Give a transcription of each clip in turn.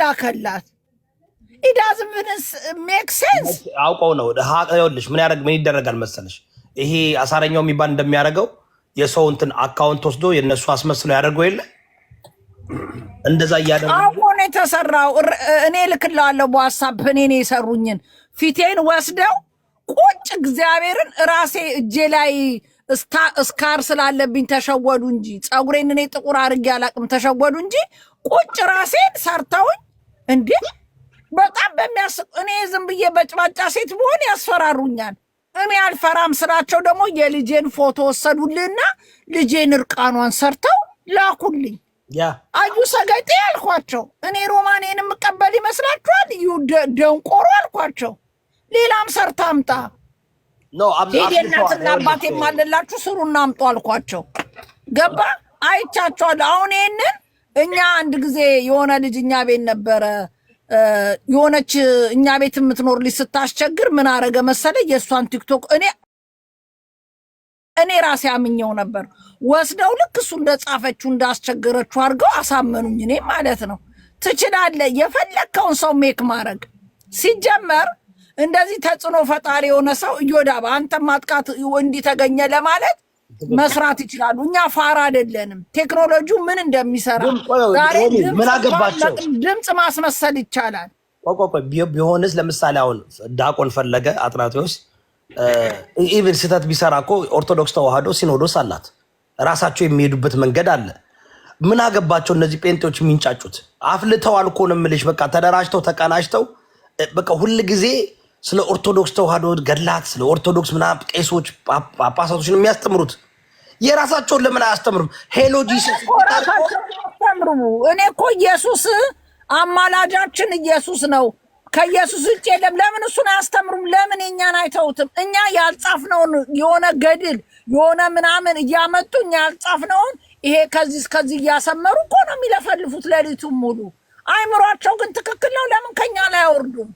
ላከላት። ኢዳዝ ምንስ ሜክ ሴንስ አውቀው ነው ይኸውልሽ፣ ምን ያደረግ ምን ይደረጋል መሰለሽ፣ ይሄ አሳረኛው የሚባል እንደሚያደርገው የሰው እንትን አካውንት ወስዶ የእነሱ አስመስሎ ያደርገው የለ እንደዛ እያደረገ ነው የተሰራው። እኔ ልክላለሁ በዋትሳፕ እኔ የሰሩኝን ፊቴን ወስደው ቁጭ እግዚአብሔርን ራሴ እጄ ላይ እስካር ስላለብኝ ተሸወዱ እንጂ ፀጉሬን እኔ ጥቁር አድርጌ አላቅም። ተሸወዱ እንጂ ቁጭ ራሴን ሰርተውኝ እንዴ በጣም በሚያስቅ እኔ ዝም ብዬ በጭባጫ ሴት ብሆን ያስፈራሩኛል። እኔ አልፈራም ስላቸው ደግሞ የልጄን ፎቶ ወሰዱልና ልጄን እርቃኗን ሰርተው ላኩልኝ። አዩ ሰገጤ አልኳቸው። እኔ ሮማኔን የምቀበል ይመስላችኋል? ዩ ደንቆሮ አልኳቸው። ሌላም ሰርታ አምጣ ሄደናትና አባት የማለላችሁ ስሩና አምጡ አልኳቸው። ገባ አይቻቸዋል። አሁን ይህንን እኛ አንድ ጊዜ የሆነ ልጅ እኛ ቤት ነበረ የሆነች እኛ ቤት የምትኖር ልጅ ስታስቸግር ምን አረገ መሰለ የእሷን ቲክቶክ እኔ እኔ ራሴ አምኘው ነበር። ወስደው ልክ እሱ እንደጻፈችው እንዳስቸገረችው አድርገው አሳመኑኝ። እኔ ማለት ነው ትችላለ የፈለግከውን ሰው ሜክ ማድረግ ሲጀመር እንደዚህ ተጽዕኖ ፈጣሪ የሆነ ሰው እዮዳ በአንተ ማጥቃት እንዲተገኘ ለማለት መስራት ይችላሉ። እኛ ፋራ አይደለንም። ቴክኖሎጂው ምን እንደሚሰራ ድምፅ ማስመሰል ይቻላል። ቢሆንስ ለምሳሌ አሁን ዳቆን ፈለገ አጥናቴዎስ ኢቨን ስህተት ቢሰራ እኮ ኦርቶዶክስ ተዋህዶ ሲኖዶስ አላት፣ ራሳቸው የሚሄዱበት መንገድ አለ። ምን አገባቸው እነዚህ ጴንጤዎች የሚንጫጩት? አፍልተው አልኮ ነው የምልሽ። በቃ ተደራጅተው ተቀናጅተው በቃ ሁል ጊዜ ስለ ኦርቶዶክስ ተዋህዶ ገድላት፣ ስለ ኦርቶዶክስ ምናምን ቄሶች፣ ጳጳሳቶች ነው የሚያስተምሩት። የራሳቸውን ለምን አያስተምሩም? ሄሎ ጂሰስ እኔ እኮ ኢየሱስ አማላጃችን ኢየሱስ ነው። ከኢየሱስ ውጭ የለም። ለምን እሱን አያስተምሩም? ለምን እኛን አይተውትም? እኛ ያልጻፍነውን የሆነ ገድል የሆነ ምናምን እያመጡ እኛ ያልጻፍነውን ይሄ ከዚህ እስከዚህ እያሰመሩ እኮ ነው የሚለፈልፉት ሌሊቱን ሙሉ። አይምሯቸው ግን ትክክል ነው። ለምን ከኛ ላይ አይወርዱም?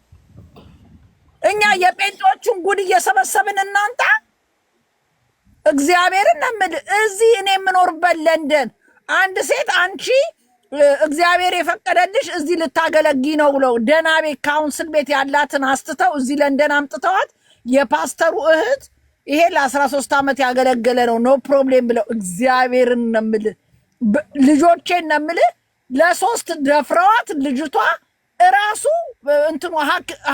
እኛ የጴንጤዎቹን ጉድ እየሰበሰብን እናንጣ እግዚአብሔርን ነው የምልህ። እዚህ እኔ የምኖርበት ለንደን አንድ ሴት አንቺ እግዚአብሔር የፈቀደልሽ እዚህ ልታገለጊ ነው ብለው ደህና ቤት ካውንስል ቤት ያላትን አስትተው እዚህ ለንደን አምጥተዋት የፓስተሩ እህት ይሄ ለ13 ዓመት ያገለገለ ነው ኖ ፕሮብሌም ብለው እግዚአብሔርን ነው የምልህ ልጆቼን ነው ለሶስት ደፍረዋት ልጅቷ እራሱ እንትኑ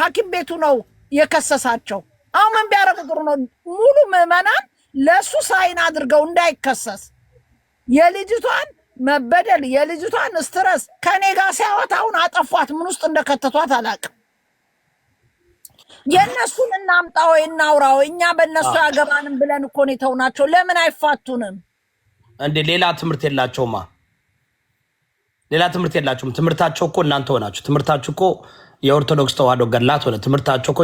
ሐኪም ቤቱ ነው የከሰሳቸው። አሁን ምን ቢያደርግ ጥሩ ነው? ሙሉ ምዕመናን ለእሱ ሳይን አድርገው እንዳይከሰስ የልጅቷን መበደል የልጅቷን ስትረስ ከኔ ጋር ሲያወት አሁን አጠፏት ምን ውስጥ እንደከተቷት አላውቅም። የእነሱን እናውራ ወይ እኛ በእነሱ ያገባንም ብለን እኮ ነው የተውናቸው። ለምን አይፋቱንም እንዴ? ሌላ ትምህርት የላቸውማ። ሌላ ትምህርት የላቸውም። ትምህርታቸው እኮ እናንተ ሆናችሁ። ትምህርታችሁ እኮ የኦርቶዶክስ ተዋህዶ ገላት ሆነ። ትምህርታቸው እኮ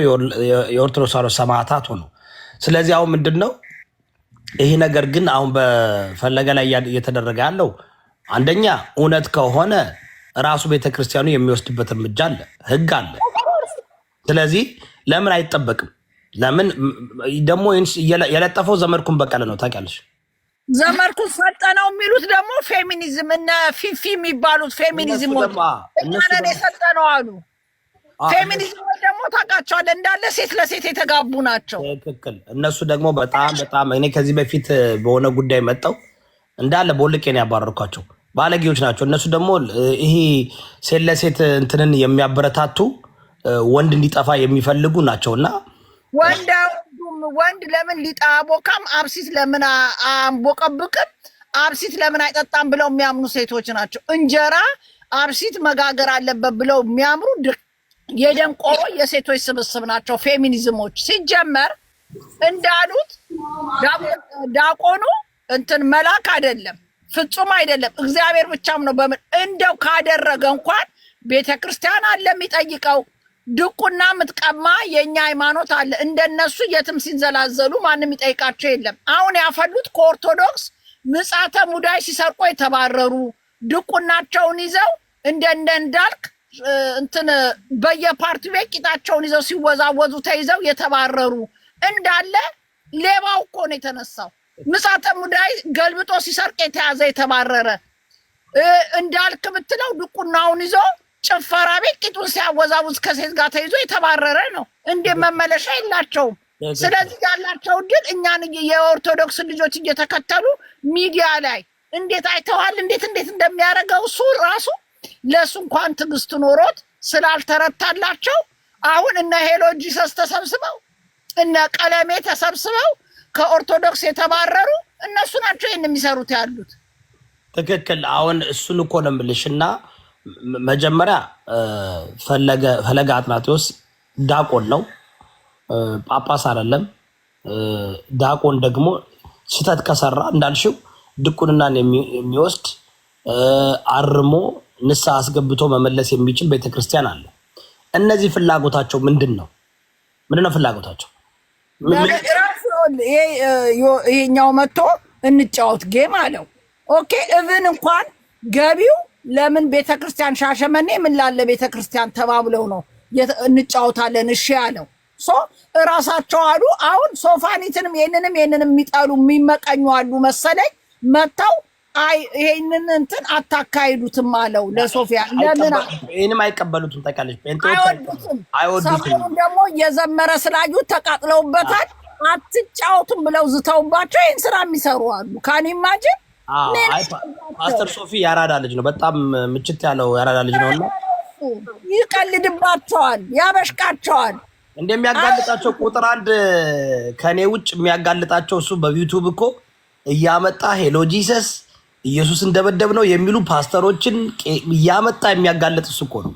የኦርቶዶክስ ሰማዕታት ሆኑ። ስለዚህ አሁን ምንድን ነው ይሄ ነገር ግን አሁን በፈለገ ላይ እየተደረገ ያለው አንደኛ እውነት ከሆነ ራሱ ቤተክርስቲያኑ የሚወስድበት እርምጃ አለ፣ ህግ አለ። ስለዚህ ለምን አይጠበቅም? ለምን ደግሞ የለጠፈው ዘመድኩን በቀለ ነው። ታውቂያለሽ፣ ዘመድኩን ሰጠነው የሚሉት ደግሞ ፌሚኒዝም እነ ፊፊ የሚባሉት ፌሚኒዝም ሰጠነው አሉ። ፌሚኒዝሞች ደግሞ ታውቃቸዋለህ እንዳለ ሴት ለሴት የተጋቡ ናቸው። ትክክል። እነሱ ደግሞ በጣም በጣም እኔ ከዚህ በፊት በሆነ ጉዳይ መጠው እንዳለ ቦልቄን ያባረርኳቸው ባለጌዎች ናቸው። እነሱ ደግሞ ይሄ ሴት ለሴት እንትንን የሚያበረታቱ ወንድ እንዲጠፋ የሚፈልጉ ናቸው እና ወንድ ወንድ ለምን ሊጣ ቦካም አብሲት ለምን አንቦቀብቅም አብሲት ለምን አይጠጣም ብለው የሚያምኑ ሴቶች ናቸው። እንጀራ አብሲት መጋገር አለበት ብለው የሚያምሩ የደንቆሮ የሴቶች ስብስብ ናቸው ፌሚኒዝሞች። ሲጀመር እንዳሉት ዳቆኑ እንትን መላክ አይደለም፣ ፍጹም አይደለም፣ እግዚአብሔር ብቻም ነው። በምን እንደው ካደረገ እንኳን ቤተ ክርስቲያን አለ የሚጠይቀው፣ ድቁና ምትቀማ የእኛ ሃይማኖት አለ። እንደነሱ የትም ሲንዘላዘሉ ማንም የሚጠይቃቸው የለም። አሁን ያፈሉት ከኦርቶዶክስ ምጻተ ሙዳይ ሲሰርቆ የተባረሩ ድቁናቸውን ይዘው እንደ እንዳልክ እንትን በየፓርቲ ቤት ቂጣቸውን ይዘው ሲወዛወዙ ተይዘው የተባረሩ እንዳለ ሌባው እኮ ነው የተነሳው። ምሳተ ሙዳይ ገልብጦ ሲሰርቅ የተያዘ የተባረረ እንዳልክ ብትለው ድቁናውን ይዞ ጭፈራ ቤት ቂጡን ሲያወዛውዝ ከሴት ጋር ተይዞ የተባረረ ነው። እንዲህ መመለሻ የላቸውም። ስለዚህ ያላቸው ድል እኛን የኦርቶዶክስ ልጆች እየተከተሉ ሚዲያ ላይ እንዴት አይተዋል፣ እንዴት እንዴት እንደሚያደርገው እሱ ራሱ ለእሱ እንኳን ትዕግስት ኖሮት ስላልተረታላቸው አሁን እነ ሄሎ ጂሰስ ተሰብስበው እነ ቀለሜ ተሰብስበው ከኦርቶዶክስ የተባረሩ እነሱ ናቸው ይህን የሚሰሩት ያሉት። ትክክል። አሁን እሱን እኮ ነው የምልሽ። እና መጀመሪያ ፈለገ አጥናቴዎስ ዳቆን ነው፣ ጳጳስ አይደለም። ዳቆን ደግሞ ስህተት ከሰራ እንዳልሽው ድቁንናን የሚወስድ አርሞ ንስሐ አስገብቶ መመለስ የሚችል ቤተክርስቲያን አለ። እነዚህ ፍላጎታቸው ምንድን ነው? ምንድን ነው ፍላጎታቸው? ይሄኛው መጥቶ እንጫወት ጌም አለው። ኦኬ እብን እንኳን ገቢው ለምን ቤተክርስቲያን ሻሸመኔ ምን ላለ ቤተክርስቲያን ተባብለው ነው እንጫወታለን እሺ ያለው። ሶ እራሳቸው አሉ። አሁን ሶፋኒትንም ይህንንም ይህንንም የሚጠሉ የሚመቀኙ አሉ መሰለኝ መጥተው አይ ይሄንን እንትን አታካሂዱትም አለው ለሶፊያ። ለምን ይሄንም አይቀበሉትም? ታውቂያለሽ፣ አይወዱትም፣ አይወዱትም። ሰሞኑን ደግሞ የዘመረ ስላዩ ተቃጥለውበታል። አትጫወቱም ብለው ዝተውባቸው ይህን ስራ የሚሰሩ አሉ። ካን ኢማጅን ፓስተር ሶፊ ያራዳ ልጅ ነው፣ በጣም ምችት ያለው ያራዳ ልጅ ነው። እና ይቀልድባቸዋል፣ ያበሽቃቸዋል። እንደሚያጋልጣቸው ቁጥር አንድ ከኔ ውጭ የሚያጋልጣቸው እሱ በዩቱብ እኮ እያመጣ ሄሎ ጂሰስ ኢየሱስን ደበደብ ነው የሚሉ ፓስተሮችን እያመጣ የሚያጋለጥ እሱ እኮ ነው።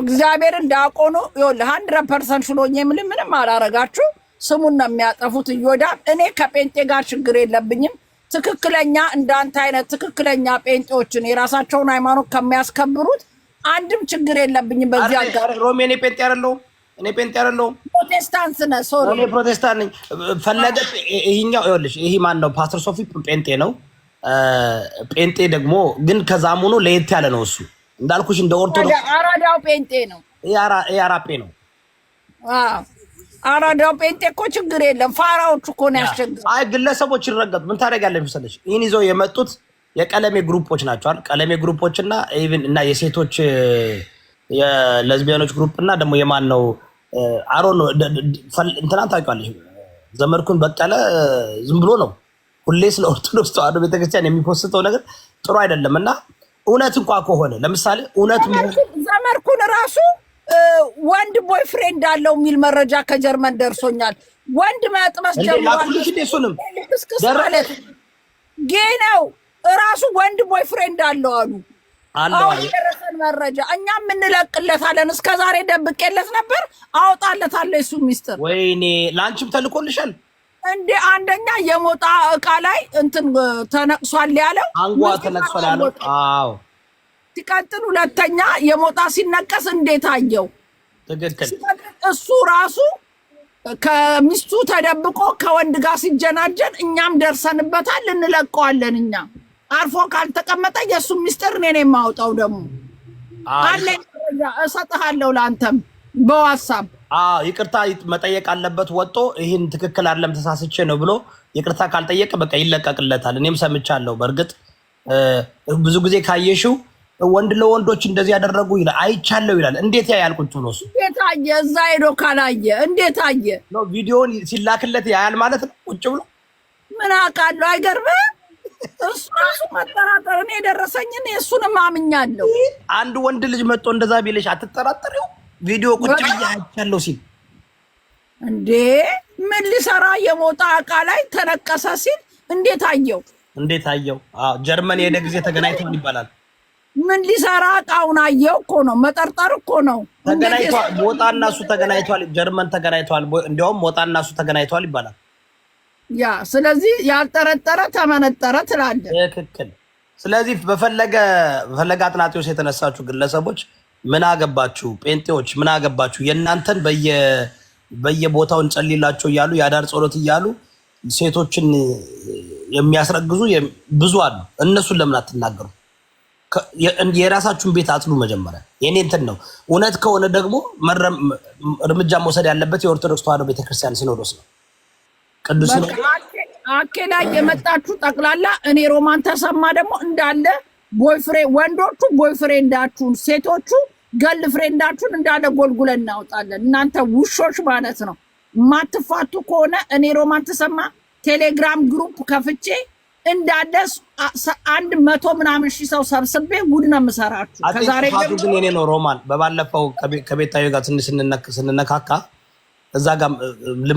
እግዚአብሔር ዲያቆኑ ይኸውልህ፣ ሀንድረድ ፐርሰንት ሽሎኝ የምልህ ምንም አላረጋችሁ። ስሙን ነው የሚያጠፉት። እዮዳ እኔ ከጴንጤ ጋር ችግር የለብኝም። ትክክለኛ እንዳንተ አይነት ትክክለኛ ጴንጤዎችን የራሳቸውን ሃይማኖት ከሚያስከብሩት አንድም ችግር የለብኝም። በዚህ አጋር ሮሜ እኔ ጴንጤ አይደለሁም። እኔ ጴንጤ አይደለሁም። ፕሮቴስታንት ነህ። ሶሪ እኔ ፕሮቴስታንት ነኝ። ፈለገ ይኸኛው ይኸውልሽ፣ ይሄ ማን ነው? ፓስተር ሶፊ ጴንጤ ነው። ጴንጤ ደግሞ ግን ከዛም ሆኖ ለየት ያለ ነው። እሱ እንዳልኩሽ እንደ ኦርቶዶክስ አራዳው ጴንጤ ነው፣ የአራጴ ነው። አራዳው ጴንጤ እኮ ችግር የለም። ፋራዎቹ እኮ ነው ያስቸግረው። አይ ግለሰቦች ይረገጡ። ምን ታደርጊያለሽ መሰለሽ፣ ይህን ይዘው የመጡት የቀለሜ ግሩፖች ናቸዋል። ቀለሜ ግሩፖች እና ኢቭን እና የሴቶች የለዝቢያኖች ግሩፕ እና ደግሞ የማን ነው አሮ ነው እንትናን ታውቂዋለሽ፣ ዘመድኩን በቀለ ዝም ብሎ ነው ሁሌ ስለ ኦርቶዶክስ ተዋህዶ ቤተክርስቲያን የሚፖስተው ነገር ጥሩ አይደለም እና እውነት እንኳ ከሆነ ለምሳሌ እውነት ዘመርኩን ራሱ ወንድ ቦይፍሬንድ አለው የሚል መረጃ ከጀርመን ደርሶኛል። ወንድ መጥመስ ጀምሯልሱንም ጌ ነው እራሱ ወንድ ቦይፍሬንድ አለው አሉ። አሁን የደረሰን መረጃ እኛ የምንለቅለታለን። እስከ ዛሬ ደብቄለት ነበር። አወጣለታለሁ የሱ ሚስጥር። ወይኔ ለአንቺም ተልኮልሻል እንደ አንደኛ የሞጣ እቃ ላይ እንትን ተነቅሷል ያለው አንጓ ተነቅሷል ያለው። አዎ ሲቀጥል፣ ሁለተኛ የሞጣ ሲነቀስ እንዴት አየው? ትክክል። እሱ ራሱ ከሚስቱ ተደብቆ ከወንድ ጋር ሲጀናጀን እኛም ደርሰንበታል፣ እንለቀዋለን። እኛ አርፎ ካልተቀመጠ የእሱ ሚስጥር እኔ ነው የማውጣው። ደግሞ አለ እሰጥሃለሁ፣ ለአንተም በዋሳብ ይቅርታ መጠየቅ አለበት። ወጦ ይህን ትክክል አይደለም ተሳስቼ ነው ብሎ ይቅርታ ካልጠየቀ በቃ ይለቀቅለታል። እኔም ሰምቻለሁ። በእርግጥ ብዙ ጊዜ ካየሽው ወንድ ለወንዶች እንደዚህ ያደረጉ ይላል፣ አይቻለሁ ይላል። እንዴት ያያል? ቁጭ ብሎ እንዴት አየ? እዛ ሄዶ ካላየ እንዴት አየ? ቪዲዮን ሲላክለት ያያል ማለት ነው። ቁጭ ብሎ ምን አውቃለሁ። አይገርምህ? እሱ ራሱ መጠራጠር እኔ የደረሰኝን የእሱንም አምኛለሁ። አንድ ወንድ ልጅ መጥቶ እንደዛ ቢልሽ አትጠራጠሪው? ቪዲዮ ቁጭ ብዬ ሲል እንዴ ምን ሊሰራ የሞጣ እቃ ላይ ተነቀሰ ሲል እንዴት አየው? እንዴት አየው? ጀርመን የሄደ ጊዜ ተገናኝተዋል ይባላል። ምን ሊሰራ እቃውን አየው እኮ ነው፣ መጠርጠር እኮ ነው። ተገናኝተዋል፣ ሞጣ እና እሱ ተገናኝተዋል፣ ጀርመን ተገናኝተዋል። እንዲያውም ሞጣ እና እሱ ተገናኝተዋል ይባላል። ያ ስለዚህ ያልጠረጠረ ተመነጠረ ትላለህ። ትክክል። ስለዚህ በፈለገ በፈለገ አትናቴዎስ የተነሳችሁ ግለሰቦች ምን አገባችሁ ጴንጤዎች፣ ምን አገባችሁ የእናንተን በየቦታው እንጸልላቸው እያሉ የአዳር ጸሎት እያሉ ሴቶችን የሚያስረግዙ ብዙ አሉ። እነሱን ለምን አትናገሩ? የራሳችሁን ቤት አጥሉ። መጀመሪያ የኔ እንትን ነው። እውነት ከሆነ ደግሞ እርምጃ መውሰድ ያለበት የኦርቶዶክስ ተዋህዶ ቤተክርስቲያን ሲኖዶስ ነው። ቅዱስ አኬ ላይ የመጣችሁ ጠቅላላ እኔ ሮማን ተሰማ ደግሞ እንዳለ ቦይፍሬ ወንዶቹ ቦይፍሬንዳችሁን፣ ሴቶቹ ገል ፍሬንዳችሁን እንዳለ ጎልጉለን እናውጣለን። እናንተ ውሾች ማለት ነው። ማትፋቱ ከሆነ እኔ ሮማን ተሰማ ቴሌግራም ግሩፕ ከፍቼ እንዳለ አንድ መቶ ምናምን ሺህ ሰው ሰብስቤ ጉድ ነው የምሰራችሁ። ከዛሬ ግን የኔ ነው ሮማን። በባለፈው ከቤታዊ ጋር ትንሽ ስንነካካ እዛ ጋር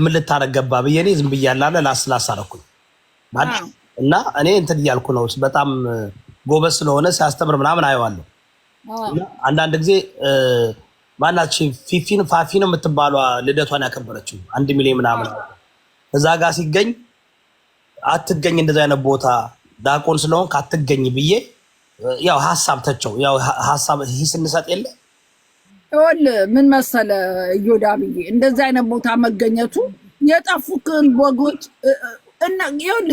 ምን ገባ ብዬ እኔ ዝም ብያለሁ አለ ላስ ላስ እና እኔ እንትን እያልኩ ነው በጣም ጎበዝ ስለሆነ ሲያስተምር ምናምን አየዋለሁ። አንዳንድ ጊዜ ማናች ፊፊን ፋፊን የምትባሏ ልደቷን ያከበረችው አንድ ሚሊዮን ምናምን እዛ ጋር ሲገኝ አትገኝ እንደዚ አይነት ቦታ ዳቆን ስለሆን ካትገኝ ብዬ ያው ሀሳብ ተቸው ያው ሀሳብ ስንሰጥ የለ ይሆን ምን መሰለ እዮዳ ብዬ እንደዚ አይነት ቦታ መገኘቱ የጠፉክን ወጎች እና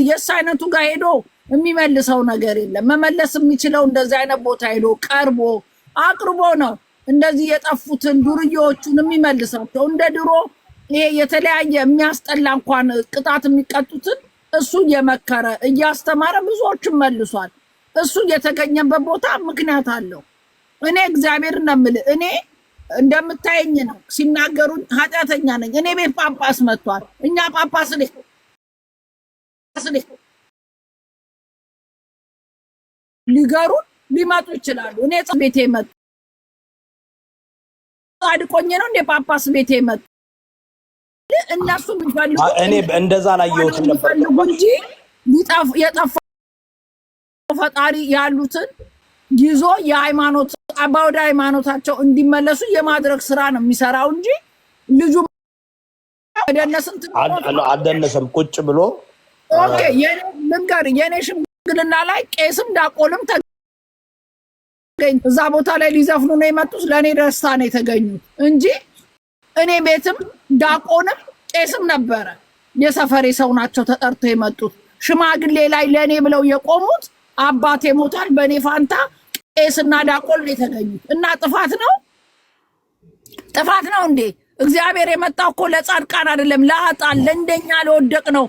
የእሱ አይነቱ ጋር ሄዶ የሚመልሰው ነገር የለም። መመለስ የሚችለው እንደዚህ አይነት ቦታ ሄዶ ቀርቦ አቅርቦ ነው እንደዚህ የጠፉትን ዱርዬዎቹን የሚመልሳቸው። እንደ ድሮ ይሄ የተለያየ የሚያስጠላ እንኳን ቅጣት የሚቀጡትን እሱ እየመከረ እያስተማረ ብዙዎችን መልሷል። እሱ እየተገኘበት ቦታ ምክንያት አለው። እኔ እግዚአብሔር ነው እኔ እንደምታየኝ ነው ሲናገሩ ኃጢአተኛ ነኝ። እኔ ቤት ጳጳስ መጥቷል። እኛ ጳጳስ ሊገሩን ሊመጡ ይችላሉ። እኔ ጻ ቤቴ መጡ አድቆኝ ነው እንደ ጳጳስ ቤቴ መጡ። እነሱ እኔ እንደዛ አላየሁትም ነበር እንጂ የጠፋ ፈጣሪ ያሉትን ይዞ የሃይማኖት ወደ ሃይማኖታቸው እንዲመለሱ የማድረግ ስራ ነው የሚሰራው እንጂ ልጁ ደነስን አልደነሰም። ቁጭ ብሎ ልንገር የኔ ሽም ሽምግልና ላይ ቄስም ዳቆልም ተገኝ እዛ ቦታ ላይ ሊዘፍኑ ነው የመጡት። ለእኔ ደስታ ነው የተገኙት እንጂ እኔ ቤትም ዳቆንም ቄስም ነበረ። የሰፈሬ ሰው ናቸው ተጠርተው የመጡት። ሽማግሌ ላይ ለእኔ ብለው የቆሙት አባቴ ሞታል፣ በእኔ ፋንታ ቄስና ዳቆል ነው የተገኙት። እና ጥፋት ነው ጥፋት ነው እንዴ? እግዚአብሔር የመጣ እኮ ለጻድቃን አይደለም፣ ለአጣን ለእንደኛ ለወደቅ ነው።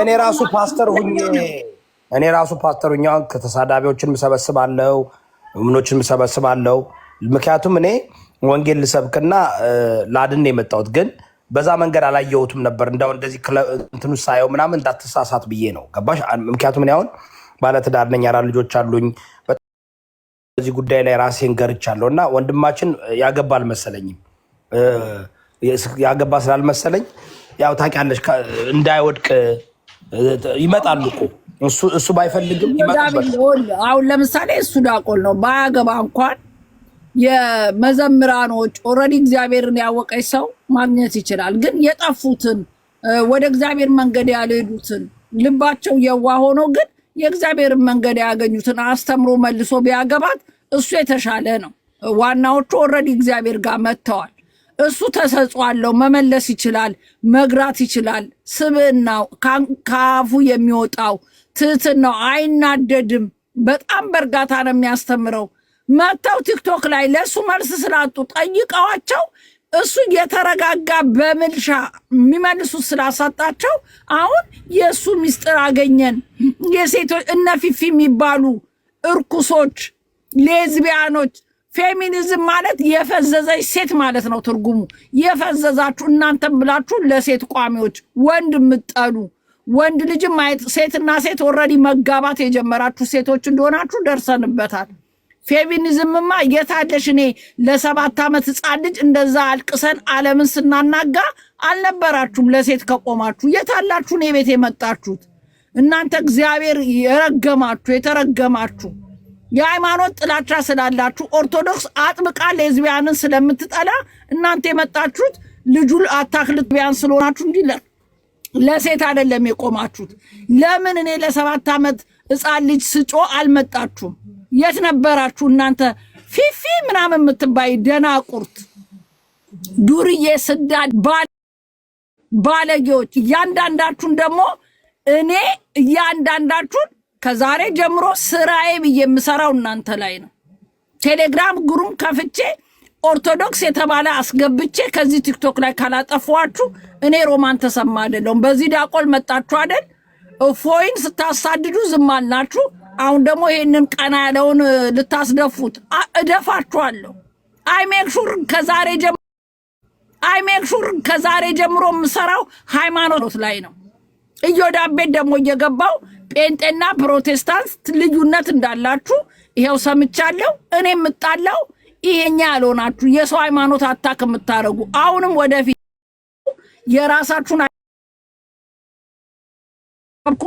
እኔ ራሱ ፓስተር ሁኜ እኔ ራሱ ፓስተሩኛ ከተሳዳቢዎችን ምሰበስባለው፣ እምኖችን ምሰበስባለው። ምክንያቱም እኔ ወንጌል ልሰብክና ላድን የመጣሁት ግን በዛ መንገድ አላየሁትም ነበር። እንዳሁ እንደዚህ እንትኑ ሳየው ምናምን እንዳትሳሳት ብዬ ነው ገባሽ? ምክንያቱም እኔ አሁን ባለትዳር ነኝ፣ አራት ልጆች አሉኝ። በዚህ ጉዳይ ላይ ራሴን ገርቻለሁ እና ወንድማችን ያገባ አልመሰለኝም። ያገባ ስላልመሰለኝ ያው ታውቂያለሽ እንዳይወድቅ ይመጣሉ እኮ እሱ ባይፈልግም አሁን ለምሳሌ እሱ ዳቆል ነው ባያገባ እንኳን የመዘምራኖች ኦልሬዲ እግዚአብሔርን ያወቀች ሰው ማግኘት ይችላል። ግን የጠፉትን ወደ እግዚአብሔር መንገድ ያልሄዱትን ልባቸው የዋ ሆኖ ግን የእግዚአብሔርን መንገድ ያገኙትን አስተምሮ መልሶ ቢያገባት እሱ የተሻለ ነው። ዋናዎቹ ኦልሬዲ እግዚአብሔር ጋር መጥተዋል። እሱ ተሰጥኦ አለው። መመለስ ይችላል፣ መግራት ይችላል። ስብዕናው ከአፉ የሚወጣው ትህትናው አይናደድም። በጣም በእርጋታ ነው የሚያስተምረው። መጥተው ቲክቶክ ላይ ለእሱ መልስ ስላጡ ጠይቀዋቸው እሱ የተረጋጋ በምልሻ የሚመልሱት ስላሳጣቸው አሁን የእሱ ምስጢር አገኘን። የሴቶች እነፊፊ የሚባሉ እርኩሶች፣ ሌዝቢያኖች ፌሚኒዝም ማለት የፈዘዘች ሴት ማለት ነው ትርጉሙ። የፈዘዛችሁ እናንተም ብላችሁ ለሴት ቋሚዎች ወንድ የምጠሉ ወንድ ልጅም ማየት ሴትና ሴት ወረዲ መጋባት የጀመራችሁ ሴቶች እንደሆናችሁ ደርሰንበታል። ፌሚኒዝምማ የታለሽ? እኔ ለሰባት ዓመት ህፃን ልጅ እንደዛ አልቅሰን ዓለምን ስናናጋ አልነበራችሁም? ለሴት ከቆማችሁ የታላችሁ? እኔ ቤት የመጣችሁት እናንተ እግዚአብሔር የረገማችሁ የተረገማችሁ የሃይማኖት ጥላቻ ስላላችሁ ኦርቶዶክስ አጥብቃ ሌዝቢያንን ስለምትጠላ እናንተ የመጣችሁት ልጁ አታክልት ቢያን ስለሆናችሁ እንዲለር ለሴት አይደለም የቆማችሁት። ለምን እኔ ለሰባት ዓመት እፃን ልጅ ስጮ አልመጣችሁም? የት ነበራችሁ እናንተ ፊፊ ምናምን የምትባይ ደናቁርት፣ ዱርዬ፣ ስዳድ፣ ባለጌዎች። እያንዳንዳችሁን ደግሞ እኔ እያንዳንዳችሁን ከዛሬ ጀምሮ ስራዬ ብዬ የምሰራው እናንተ ላይ ነው። ቴሌግራም ግሩም ከፍቼ ኦርቶዶክስ የተባለ አስገብቼ ከዚህ ቲክቶክ ላይ ካላጠፏችሁ እኔ ሮማን ተሰማ አይደለሁም። በዚህ ዳቆል መጣችሁ አይደል? እፎይን ስታሳድዱ ዝም አልናችሁ። አሁን ደግሞ ይህንን ቀና ያለውን ልታስደፉት እደፋችኋለሁ። አይሜክሹር ከዛሬ ጀምሮ አይሜክሹር ከዛሬ ጀምሮ የምሰራው ሃይማኖት ላይ ነው። እዮዳቤት ደግሞ እየገባው ጴንጤና ፕሮቴስታንት ልዩነት እንዳላችሁ ይኸው ሰምቻለሁ። እኔ የምጣለው ይሄኛ ያልሆናችሁ የሰው ሃይማኖት አታክ የምታደርጉ አሁንም ወደፊት የራሳችሁን